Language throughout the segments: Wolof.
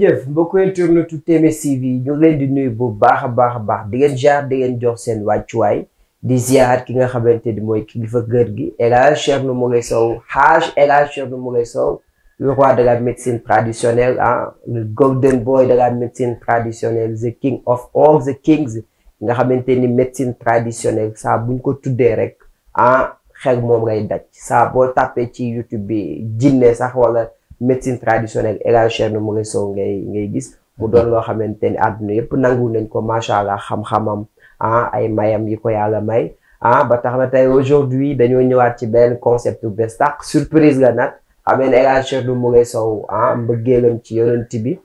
jëf mbokk internetu Témé TV ñu ngi leen di nuyu bu baax a baax baax di ngeen jaar di ngeen jox seen wàccuwaay di ziar ki nga xamante ni mooy kilifa kër gi El Hadj Thierno Moule Sow Hadj El Hadj Thierno Moule Sow le roi de la médecine traditionnel ah le golden boy de la médecine traditionnelle the king of all the kings nga xamante ni médecine traditionnelle saa buñ ko tuddee rek ah xel moom ngay daj saa boo tàppee ci YouTube bi jinne sax wala. médecine traditionnelle El Hadj Thierno Moule Sow ngay ngay gis mu doon loo xamante ni àdduna yëpp nangu nañ ko macha allah xam-xamam ah, ay mayam yi ko yàlla may ah ba tax na tey aujourd'hui dañoo ñëwaat ci benn concept bu bees tax surprise la nag xamee ne El Hadj Thierno Sow ah mbëggeelam ci yonent bi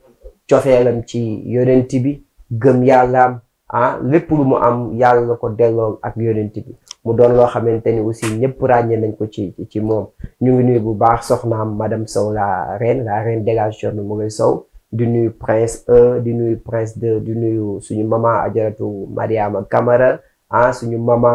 cofeelam ci yonent bi gëm yàllaam ah lépp lu mu am yàlla la ko delloo ak yonent bi mu doon loo xamante ni aussi ñëpp ràññee nañ ko ci ci moom ñu ngi nuyu bu baax soxnaam madame Sow la reine la reine dégageur nu mu ngay Sow di nuyu prince 1 di nuyu prince 2 di nuyu suñu mama ajaratu a Camara ah suñu mama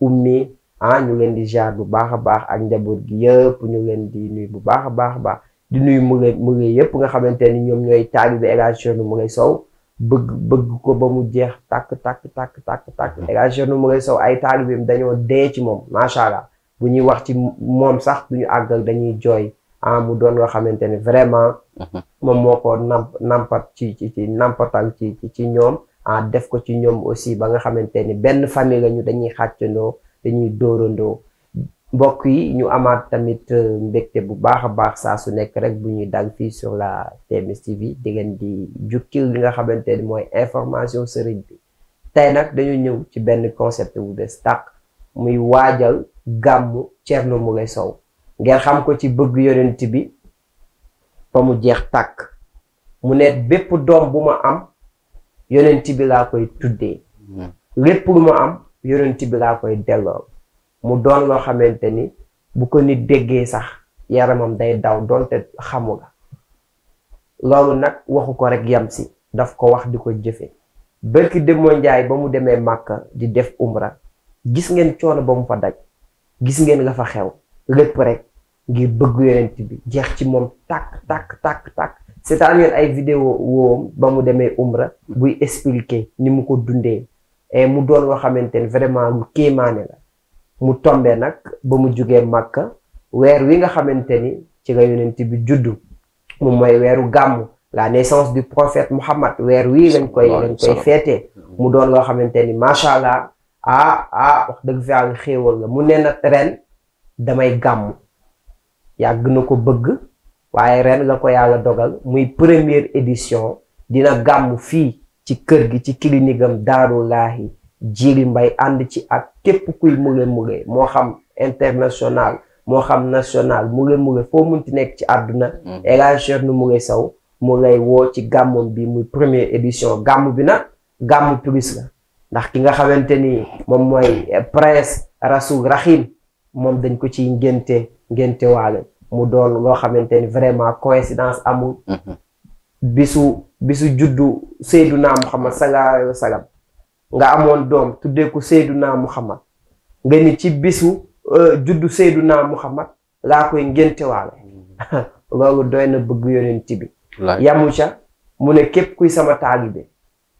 ummi ah ñu leen di jaar bu baax a baax ak njaboot gi yëpp ñu leen di nuyu bu baax a baax a baax di nuyu mu ngi mu ngi yëpp nga xamante ni ñoom ñooy taalibe dégageur nu mu ngay Sow bëgg bëgg ko ba mu jeex tàkk tàkk tàkk tàkk tàkk dégg Cheikh Ndoumbé Guèye Sow ay taalibeem dañoo dee ci moom macha allah bu ñu wax ci moom sax duñu àgg dañuy jooy ah mu doon nga xamante ne vraiment. Mhm. moom moo ko namp nampat ci ci ci nampatal ci ci ñoom. ah def ko ci ñoom aussi ba nga xamante ni benn famille la ñu dañuy xàccandoo dañuy dóorandoo. mbokk yi ñu amaat tamit euh, mbégte bu baax a baax saa su nekk rek bu ñuy dal fii sur la TMS TV di ngeen di jukkil li nga xamante ni mooy information sëriñ bi tey nag dañu ñëw ci benn concept bu bees tàq muy waajal gàmmu Thierno Moule Sow ngeen xam ko ci bëgg yonent bi fa mu jeex tàkk mu ne bépp doom bu ma am yonent bi laa koy tuddee mm. lépp lu ma am yonent bi laa koy delloo mu doon loo xamante ni bu ko nit déggee sax yaramam day daw doonte xamu la loolu nag waxu ko rek yam si daf ko wax di ko jëfe bërki demoo njaay ba mu demee màkk di def umra gis ngeen coono ba mu fa daj gis ngeen la fa xew lépp rek ngir bëgg yonent bi jeex ci moom tàkk tàkk tàkk tàkk seetaan ngeen ay vidéo woom ba mu demee umra buy expliquer ni mu ko dundee mu doon loo xamante ne vraiment lu kéemaane la mu tombe nag ba mu jugee màkka weer wi nga xamante ni ci la yonent bi juddu moom mooy weeru gàmmu la naissance du prophète Muhammad weer wii lañ koy lañ koy mu doon loo xamante ni macha allah ah ah wax dëgg fi àll xéewal la mu ne nag damay gàmmu yàgg na ko bëgg waaye ren la ko yàlla dogal muy première édition dina gàmmu fii ci kër gi ci clinique am Daaru Laahi Djily Mbaye ànd ci ak képp kuy Moulé Moulé moo xam international moo xam national Moulé Moulé foo mun munti nekk ci àdduna mm. El Hadji Cherno saw Sow lay woo ci gàmmam bi mu première édition gàmm bi nag gàmm plus la ndax ki nga xamante ni moom mooy prince Rasoul Rakhim moom dañ ko ci ngénte ngénte waale mu doon loo xamante ni vraiment coïncidence amul mm-hmm. bisu bisu juddu Seyduna Muhammad sallallahu alayhi wa sallam nga amoon doom tuddee ko Seyduna Muhammad nga ni ci bisu euh, juddu Seyduna Muhammad laa koy ngéntewaale loolu doy na bëgg yonent bi yamu ca mu ne képp kuy sama taalibe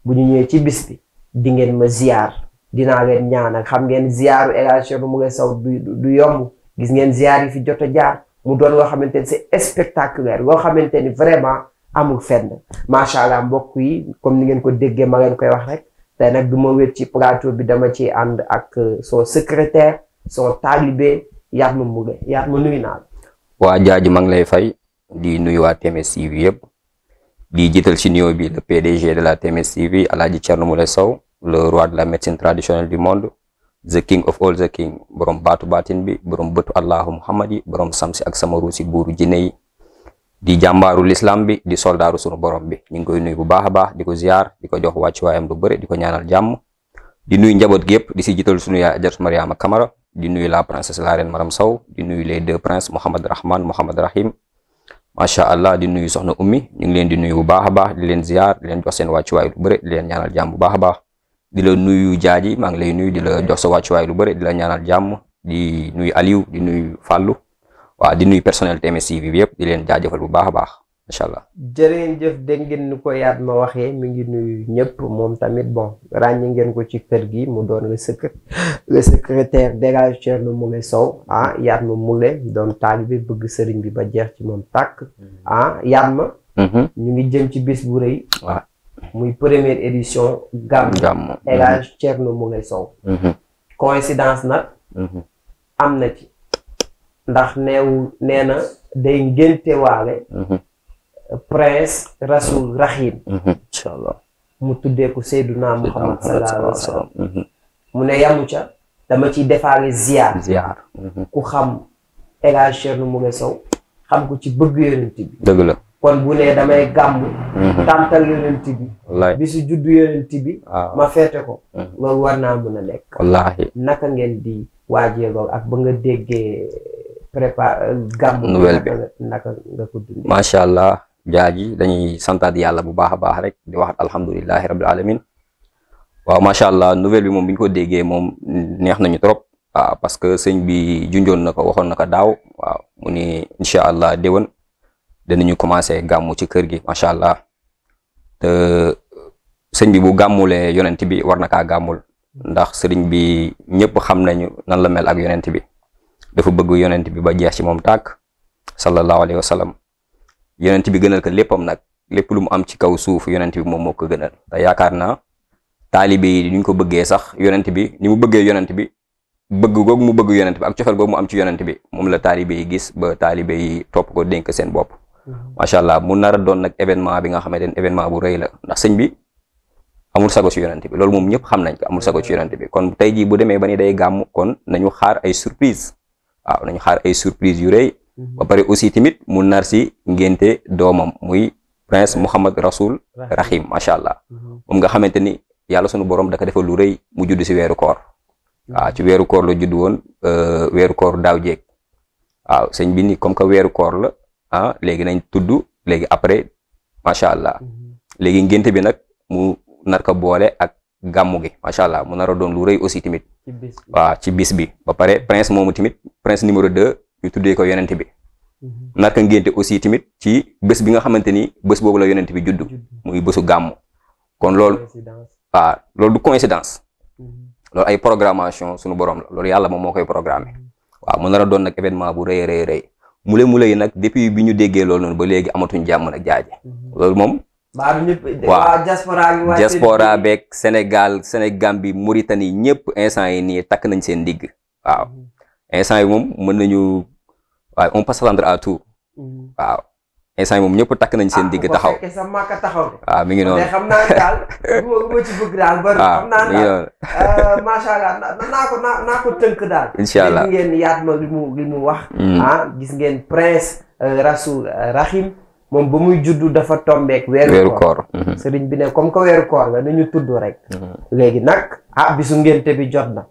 bu ñu ñëwee ci bissi bi di ngeen ma ziyaar dinaa leen ñaanal xam ngeen ziyaaru El Hadji Cheikh Oumar Sow du du yomb gis ngeen ziyaar yi fi jot a jaar mu doon loo xamante ni c'est spectaculaire loo xamante ni vraiment amul fenn macha allah mbokk yi comme ni ngeen ko déggee ma leen koy wax rek te nag du ma wér ci plateau bi dama ci ànd ak euh, son secrétaire son talibé Yatma Mouré Yatma nuyu naa la. waa jaaju maa ngi lay fay di nuyu waa TMS TV yëpp di jiital ci niyo bi le PDG de la TMS TV Alaaji Thierno Moule Sow le roi de la médecine traditionnelle du monde the king of all the king borom baatu baatin bi borom bëtu Allahu Muhammad yi borom samsi ak samaru si buuru jinne di jàmbaaru lislam bi di soldaaru sunu borom bi ñu ngi koy nuyu bu baax a baax di ko ziar di ko jox wàccuwaayam lu bëri di ko ñaanal jàmm di nuyu njaboot gi yëpp di si jiital sunu yaay Ajaratu Mariama Kamara di nuyu la princesse la reine Maram saw di nuyu les deux princes Mohamed Rahman Mohamed Rahim macha allah di nuyu soxna ummi ñu ngi leen di nuyu bu baax a baax di leen ziar di leen jox seen wàccuwaay lu bëri leen ñaanal jàmm bu baax a baax di la nuyu jaaji maa ngi lay nuyu di la jox sa wàccuwaay lu bëri di la ñaanal jàmm di nuyu Aliou di nuyu Fallou waaw di nuyu personnel TMS bi yëpp di leen jaajëfal bu baax a baax incha allah. jërë jëf dégg ngeen ni ko yaat ma waxee mi ngi nuyu ñëpp moom tamit bon ràññi ngeen ko ci kër gi mu doon le secré le secrétaire dégage Thierno Moule Sow ah yaat ma Moule doon taalibe bëgg sëriñ bi ba jeex ci moom tàkk ah yaat ma. Mhm. ñu ngi jëm ci bis bu rëy. waaw muy première édition. gàmmu gàmmu mhm. dégage Thierno Moule Sow. Mhm. coïncidence nag. am na ci. ndax neew nee na day ngénte waale mhm. prince rasul rahim mhm. mu tuddee ko seyduna muhammad sallallahu mhm. mu ne yamu ca dama ciy defaale ziar ziar ku xam El Hadj Thierno Moule Sow xam ko ci bëgg yonent bi dëgg la kon bu ne damay gàmm tàntal yonent bi bisu juddu yonent bi ma feete ko loolu war naa a nekk wallaahi naka ngeen di waajee loolu ak ba nga déggee préparé euh, gàmm nouvelle bi naka macha allah jaaji dañuy santaat yàlla bu baax a baax rek di wax alhamdulilahi rabil alamin waaw macha allah nouvelle bi moom bi ñu ko déggee moom neex nañu trop parce que sëñ bi junjoon na ko waxoon na ko daaw waaw mu ni incha allah déwén danañu commencé gàmmu ci kër gi macha allah te sëñ bi bu gàmmulee yonent bi war na kaa gàmmul ndax sëriñ bi ñëpp xam nañu nan la mel ak yonent bi dafa bëgg yonent bi ba jeex ci moom tàkk sallallahu alayhi wa sallam yonent bi gënal ko léppam nag lépp lu mu am ci kaw suuf yonent bi moom moo ko gënal te yaakaar naa taalibe yi ni ko bëggee sax yonent bi ni mu bëggee yonent bi bëgg googu mu bëgg yonent bi ak cofeel googu mu am ci yonent bi moom la taalibe yi gis ba taalibe yi topp ko dénk seen bopp mhm. macha allah mu nar a doon nag événement bi nga xamante ne événement bu rëy la ndax sëñ bi amul sago si yonent bi loolu moom ñëpp xam nañ ko amul sago ci yonent bi kon tey jii bu demee ba ni day gàmm kon nañu xaar ay surprise waaw nañu xaar ay surprise yu rëy mhm. ba pare aussi tamit mu nar si ngénte doomam muy prince Mouhamad Rasoul Rahim macha allah mhm. moom nga xamante ni yàlla sunu borom da ko defal lu rëy mu judd si weeru koor mhm. waaw ci weeru koor la judd woon euh, weeru koor daaw jeeg waaw sëñ bi ni comme que weeru koor la ah léegi nañ tudd léegi après macha allah léegi ngénte bi nag mu nar boole ak gàmmu gi macha allah mu nar a doon lu rey aussi tamit waaw ci bis bi ba pare prince moomu tamit prince numéro deux ñu tuddee ko yonent bi mhm. naka ngénte aussi tamit ci bés bi nga xamante ni bés boobu la yonent bi judd muy bésu gàmmu kon lool waaw loolu du coïncidence mhm. loolu ay programmation sunu borom la loolu yàlla moom moo koy programme mhm. waaw mu nar doon nag événement bu rëy rëy rëy mule mule yi nag depuis bi ñu déggee loolu noonu ba léegi amatuñ jàmm nag jaaje loolu moom waaw diaspora beeg Sénégal Sénégambie Mauritanie ñëpp instant yi nii takk nañ seen ndigg waaw mm-hmm. yi moom mën nañu waaw on peut s'attendre à mm-hmm. yi moom ñëpp takk nañ seen digg ah, taxaw waaw ah, mi ngi noonu xam naa daal ma ci ah, euh, naa ko naa ko daal incha yaat ma mm. gis ngeen prince euh, Rasoul euh, Rahim moom ba muy juddu dafa tombeek weeru koor mm-hmm. Mm-hmm. sëriñ bi ne comme que weeru koor nga ñu tudd rek mm-hmm. léegi nag ah bisu ngénte bi jot na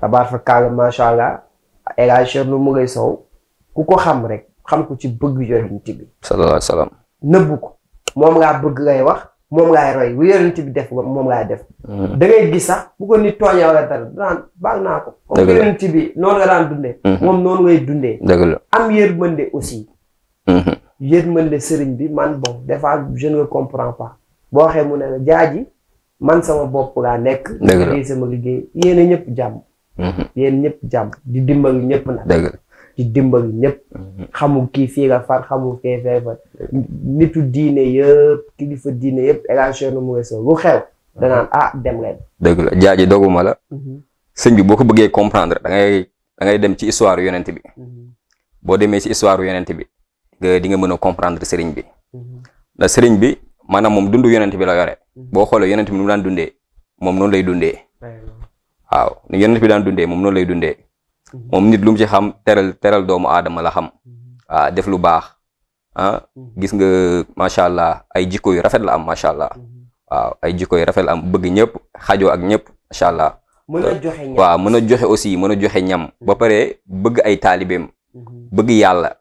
tabaar fa macha allah El Hadj mu ngay sow ku ko xam rek xam ko ci bëgg yonent bi sallallahu alayhi ko moom ngaa bëgg ngay wax moom laay roy bu yonent bi def moom laay def. da ngay gis sax bu ni nit tooñee wala dara daan baal naa ko. dëgg la yonent bi noonu nga daan dundee. moom noonu ngay dundee. dëgg la am yërmande aussi. yërmande sëriñ bi man bon des fois je ne comprends boo waxee mu ne la jaaji man sama bopp laa nekk. dëgg la sama liggéey yéen ñëpp jàmm. Mhm. yéen ñëpp jàmm di dimbali ñëpp nag. di dimbali ñëpp. Mhm. kii fii la far xamu kii fee far nitu diine yëpp kilifa diine yëpp élargir na mu weesoo lu xew. danaan mhm. ah dem leen. jaaji doguma la. sëñ bi boo ko bëggee comprendre dangay dem ci histoire yonent bi. boo demee si histoire yonent bi. di nga mën a comprendre sëriñ bi mhm. ndax sëriñ bi maanaam moom dundu yonent bi la yore mhm. boo xoolee yonent bi nu mu daan dundee moom noonu lay dundee waaw ni yonent bi daan dundee moom noonu lay dundee mhm. moom nit lu mu ci xam teral teral doomu aadama la xam waaw def lu baax ah gis nga macha allah ay jikko yu rafet la am macha allah waaw ay jikko yu rafet la am bëgg ñëpp xajoo ak ñëpp macha allah mën a joxe waaw mën a joxe aussi mën a joxe ñam ba pare bëgg ay taalibeem bëgg yàlla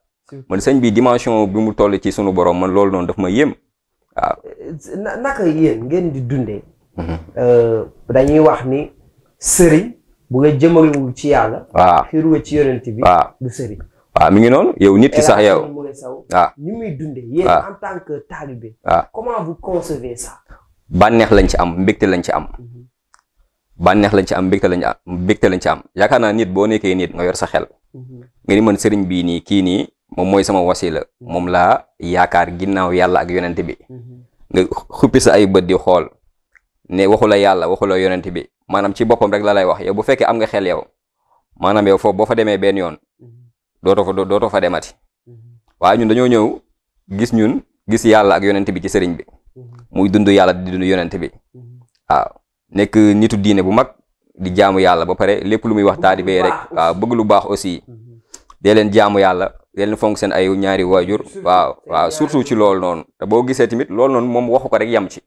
man sëñ bi dimension bi mu toll ci sunu borom man loolu noonu daf ma yéem waaw. naka yéen ngeen di dundee. Mhm. Euh, dañuy wax ni sëriñ bu nga jëmalewul ci yàlla. waaw xiruwa ci yonent bi. waaw du sëriñ. waaw mi yow nit sax yow. waaw ni muy dundee. yéen en tant que talibé. waaw comment vous concevez ça. lañ ci am mbégte lañ ci am. Mhm. bànneex lañ ci am mbégte lañ am mbégte lañ ci am yaakaar naa nit boo nekkee nit nga yor sa xel. Mhm. nga ni man sëriñ bii nii kii nii. moom mooy sama wasila hmm. moom laa yaakaar ginnaaw yàlla ak yonent bi hmm. nga xuppi sa ay bët di xool ne waxu la yàlla waxu la bi maanaam ci boppam rek la lay wax yow bu fekkee am nga xel yow maanaam yow foofu boo fa demee benn yoon hmm. dootoo fa dootoo fa demati waaye ñun dañoo ñëw gis ñun gis yàlla ak yonent bi ci sëriñ bi muy dund yàlla di dund yonent bi waaw nekk nitu diine bu mag di jaamu yàlla ba pare lépp lu muy wax taalibe rek bëgg lu baax aussi dee leen jaamu yàlla leen fonk seen ay ñaari waajur waaw waaw surtout ci loolu noonu boo gisee tamit lool noonu moom waxu ko rek yam ci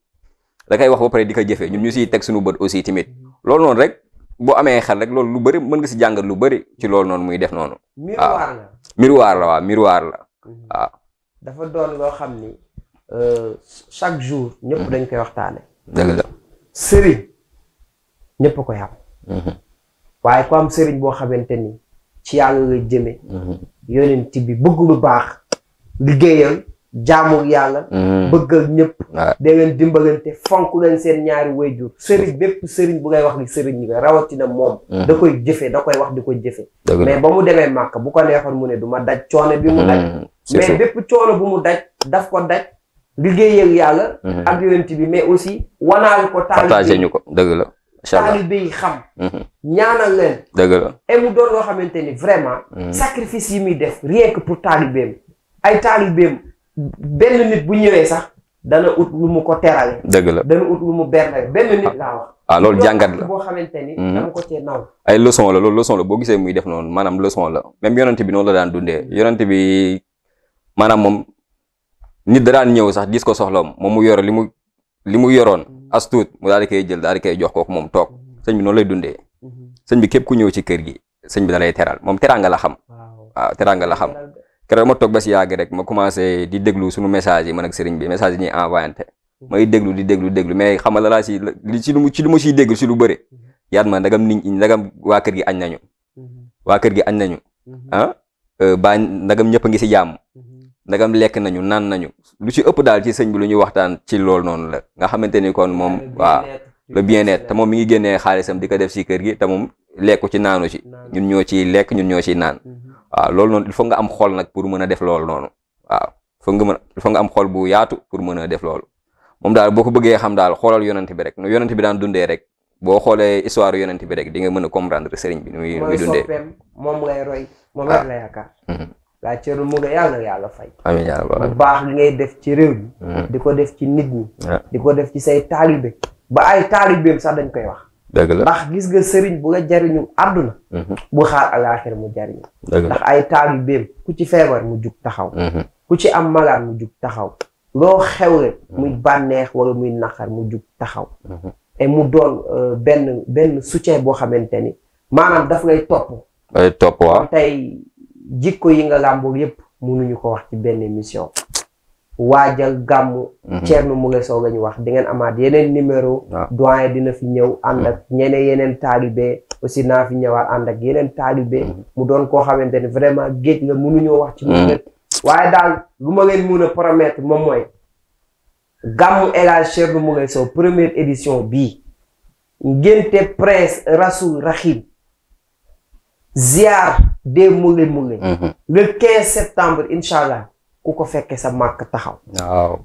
da koy wax ba pare di ko jëfee ñu ñu si teg suñu bët aussi tamit mhm. loolu noonu rek boo amee xel rek loolu lu bari mën nga si jàngat lu bari ci lool noonu muy def noonu waaw miroir la waaw miroir la mhm. waaw dafa doon loo xam ni euh, chaque jour ñëpp dañ koy waxtaane dëgg la sëriñ ñëpp ko yam mhm. waaye ku am sëriñ boo xamante ni ci yàlla la jëme mhm. yonent bi bëgg lu baax liggéeyal jaamu yàlla mhm. bëggal ñëpp da dimbalante fonk leen seen ñaari wayjur sëriñ bépp sëriñ bu ngay wax ni sëriñ ñi rawatina moom mhm. da koy jëfe da koy wax di ko jëfe mais ba mu demee màkk bu ko neexoon mu ne duma daj coono bi mu daj mais bépp coono bu mu daj daf ko daj liggéeyal yàlla ak yonent bi mais aussi wanaal ko taal ñu ko dëgg la taalibe yi xam mhm. ñaanal leen dëgg la et mu doon loo xamante ni vraiment mhm. sacrifice yi muy def rien que pour taalibeem ay taalibeem benn nit bu ñëwee sax dana ut lu mu ko terale dëgg la dana ut lu mu berne benn nit ah. laa wax waaw ah, jàngat la boo xamante ni mhm. dama la loolu leçon la boo gisee muy def noonu maanaam leçon la même yonent bi noonu la daan dundee yonent bi maanaam moom nit da daan ñëw sax dis ko soxlaam moom mu yore li mu li mu yoroon as tuut mu daal di koy jël daal di koy jox kooku moom toog mm-hmm. sëñ bi noonu lay dundee mm-hmm. sëñ bi képp ku ñëw ci kër gi sëñ bi da lay teral moom teraanga la xam waaw teraanga la xam keroog ma toog ba si yàgg rek ma commencé di déglu suñu message yi man ak sëriñ bi message ñi ñuy envoyante mm-hmm. may déglu di déglu déglu mais xam nga la laa si li si lu ci lu ma siy déglu si lu bëri yaat ma ndagam nit ndagam waa kër gi añ nañu waa kër gi añ nañu ah euh, baa ndagam ñëpp a ngi si jàmm ndagam lekk nañu naan nañu lu ci ëpp daal ci sëñ bi lu ñuy waxtaan ci loolu noonu la nga xamante ni kon moom waaw le bien-être te moom mi ngi génnee xaalisam di ko def si kër gi te moom lekku ci naanu ci ñun ñoo ci lekk ñun ñoo ciy naan mhm. waaw lool noonu il faut nga am xool nag pour mën a def lool noonu waaw foog nga mën il faut am xool bu yaatu pour mën a def loolu moom daal boo ko bëggee xam daal xoolal yonent bi rek nu yonent bi daan dundee rek boo xoolee histoire yonent bi rek di nga mën a comprendre sëriñ bi nu muy nu muy dundee moom laa cërul mu nga yàlla na yàlla fay bu baax li ngay def ci réew mi hmm. di ko def ci nit ñi di ko def ci say taalibe ba ay taalibeem sax dañ koy wax la ndax gis nga sëriñ bu nga jariñu àdduna hmm. bu xaar alaaxira mu jariñu ndax ay taalibeem ku ci feebar mu jug taxaw hmm. ku ci am malaan mu jug taxaw loo xewle muy bànneex wala muy naqar mu jug taxaw mu doon euh, benn benn soutien boo xamante ni maanaam daf ngay topp ngay topp waaw jikko yi nga làmbool yépp mënuñu ko wax ci benn émission waajal gàmmu mhm. Thierno Moule Sow lañu wax di ngeen amaat yeneen numéro doyen dina fi ñëw ànd ak mhm. ñeneen yeneen taalibe aussi naa fi ñëwaat ànd ak yeneen taalibe mhm. mu doon koo xamante ne vraiment géej la mënuñoo wax ci mu lépp waaye daal lu ma leen mun a promettre moom mooy gàmmu El Hadj Thierno Moule Sow première édition bii ngénte prince rasul rahim ziar dee mulle mulle mhm. le quinze septembre incha allah ku ko fekkee sa màkk taxaw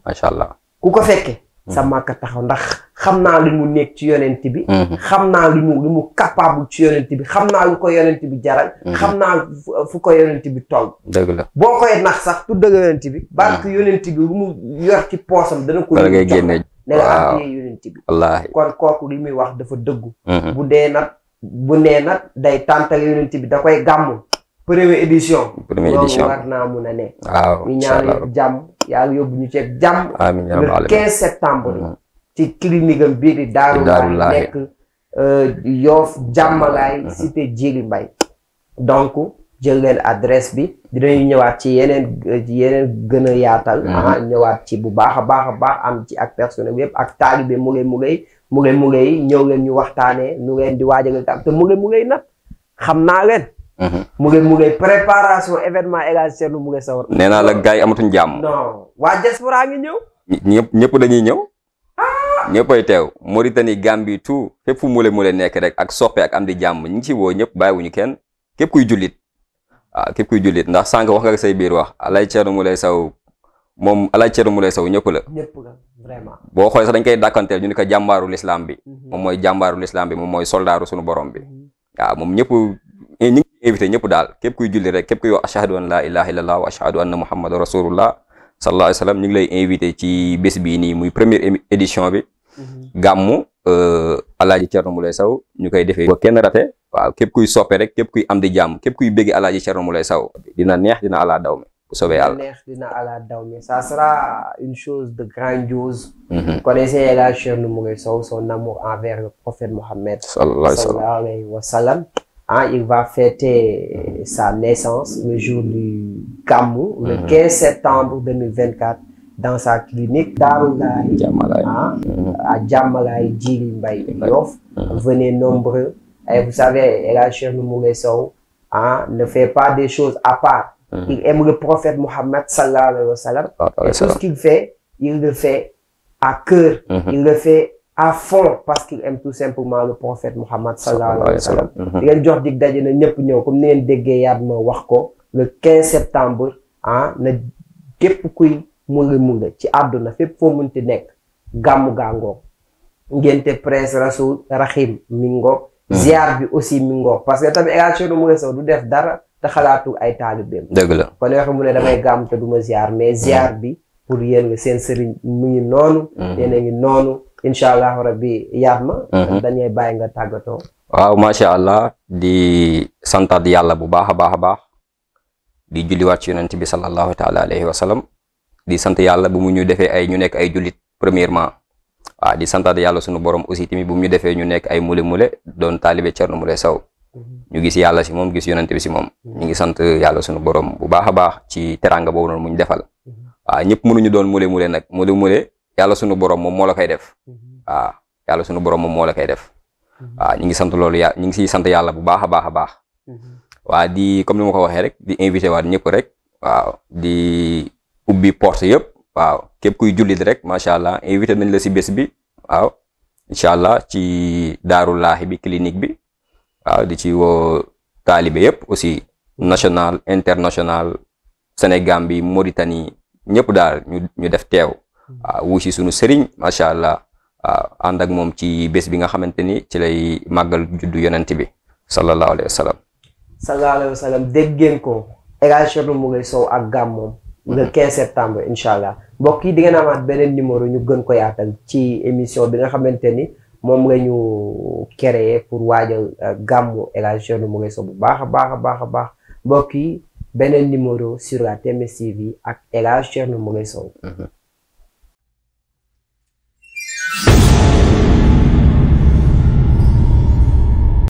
macha allah ku ko fekkee sa màkk taxaw ndax xam naa li mu nekk ci yonent bi mhm. xam naa li mu li ci yonent bi xam naa lu ko yonent bi jaral mhm. xam naa fu ko yonent bi toll dëgg la boo koy nax sax tu dëgg yonent bi barke yonent bi lu mu yor ci poosam dana ko ne nga am ah, yonent bi kon kooku li muy wax dafa dëggu bu dee nag bu nee day tàntal yonent bi da koy gàmm. première édition. première édition naa mun a ne. waaw ñu ñaan yëpp jàmm. yàlla yóbbu ñu ceeg jàmm. amiin septembre. Mm-hmm. ci clinique am bii di Daaru Laay nekk euh, Yoff Jàmmalaay mm-hmm. cité Djily Mbaye donc jël leen adresse bi dinañu ñëwaat ci yeneen yeneen gën a yaatal. Mm-hmm. Ah, ñëwaat ci bu baax a baax baax am ci ak personnel yëpp ak taalibe mu ngay mu ngay mu ngeen mu ngay ñëw ngeen ñu waxtaanee nu ngeen di waaj a te mu ngeen mu ngay nag xam naa leen. Mhm. mu ngeen mu ngay préparation événement égal seetlu mu ngay sawar. nee naa la gars yi amatuñ jàmm. non waa diaspora ngi ñëw. ñëpp ñëpp dañuy ñëw. Ah! ñëppay teew Mauritanie Gambie tout fépp fu mule mule nekk rek ak soppe ak am di jàmm ñi ci woo ñëpp bàyyiwuñu kenn képp kuy jullit. waaw ah, képp kuy jullit ndax sànq wax nga say biir wax alay Thierno Moule Sow moom alaaj Thierno Moule Sow ñëpp la. ñëpp la vraiment. boo xoolee dañ koy dàkkanteel ñu ni ko jàmbaaru lislaam bi. Mhm. moom mooy jàmbaaru lislaam bi moom mooy soldaaru suñu borom bi. Mhm. waaw moom ñëpp ñu ngi invité ñëpp daal képp kuy julli rek képp kuy wax ashhadu an laa ilaha illallah wa ashhadu anna muhammadan rasulullah sallallahu alayhi wa sallam ñu ngi lay invité ci bés bii nii muy première édition bi. Mhm. gàmmu euh, alaaji Thierno Moule saw ñu koy defee. ba kenn rate waaw képp kuy soppe rek képp kuy am di jàmm képp kuy bëgg alaaji Thierno Moule Sow dina neex dina ala daw mi bu soobee yàlla neex dina sera une chose de grandiose. connaissez El Hadj Cheikh Mourid Sow son amour envers le prophète Mohammed. sallallahu alayhi wa il va fêter sa naissance le jour du Gamou. le septembre dans sa clinique Daarulaay ah à Diamalaye Djily venez nombreux et vous savez El Hadj Cheikh ne fait pas des choses à part. Mm-hmm. Il aime le prophète Mohammed sallallahu alayhi wa sallam. Et fait, il le fait à cœur, mm-hmm. il le fait à fond parce qu'il aime tout le prophète Mohammed sallallahu alayhi wa sallam. di ngeen jox dig daje na ñëpp ñëw comme ni ngeen déggee yaat ma wax ko le 15 septembre ah na képp kuy munga munga ci àdduna fépp foo munti nekk gàmmu gàngoo ngénte prince rasul rahim mi ngoog mm-hmm. ziar bi aussi mi ngoog parce que tamit élection nu mu nga saw du def dara te xalaatul ay taalibeem. dëgg la kon yoo xam ne damay mm. gàmm te du ma ziar mais mm. ziar bi pour yéen nga seen sëriñ mu ngi noonu. Mm. yéen a ngi noonu incha allahu rabbi yaat ma. Mm-hmm. dañuy bàyyi nga tàggatoo. waaw macha allah di santaat yàlla bu baax a baax a baax di julliwaat ci yonent bi sallallahu taala alayhi wa sallam di sant yàlla bu mu ñu defee ay ñu nekk ay jullit premièrement. waaw di santaat yàlla sunu borom aussi tamit bu mu ñu defee ñu nekk ay mule mule doon taalibe Thierno Moule saw ñu gis yàlla si moom gis yonente bi si moom ñu ngi sant yàlla suñu borom bu baax a baax ci teranga boobu mu muñ defal waaw ñëpp mënuñu doon mule mule nag mule mule yàlla suñu borom moom moo la koy def waaw yàlla suñu borom moom moo la koy def ñu ngi sant loolu yàlla ñu ngi siy sant yàlla bu baax a baax a baax waa di comme ni ma ko waxee rek di invité waat ñëpp rek waaw di ubbi porte yëpp waaw képp kuy jullit rek macha allah invité nañ la si bés bi waaw incha allah ci daaru laahi bi clinique bi waaw di ci woo taalibe yëpp aussi national international Sénégal bi Mauritanie ñëpp daal ñu ñu def teew waaw si sunu sëriñ macha allah waaw ànd ak moom ci bés bi nga xamante ni ci lay màggal juddu yonent bi sallallahu alayhi wa sallam sallallahu alayhi ko El Hadj Thierno ak gàmmoom le 15 septembre incha allah mbokk yi di ngeen amaat beneen numéro ñu gën ko yaatal ci émission bi nga xamante ni moom nga ñu créer pour waajal euh, gàmmu El Hadj Thierno Moule Sow bu baax a baax a baax a baax mbokk yi beneen numéro sur la TMS TV ak El Hadj Thierno Moule Sow mhm.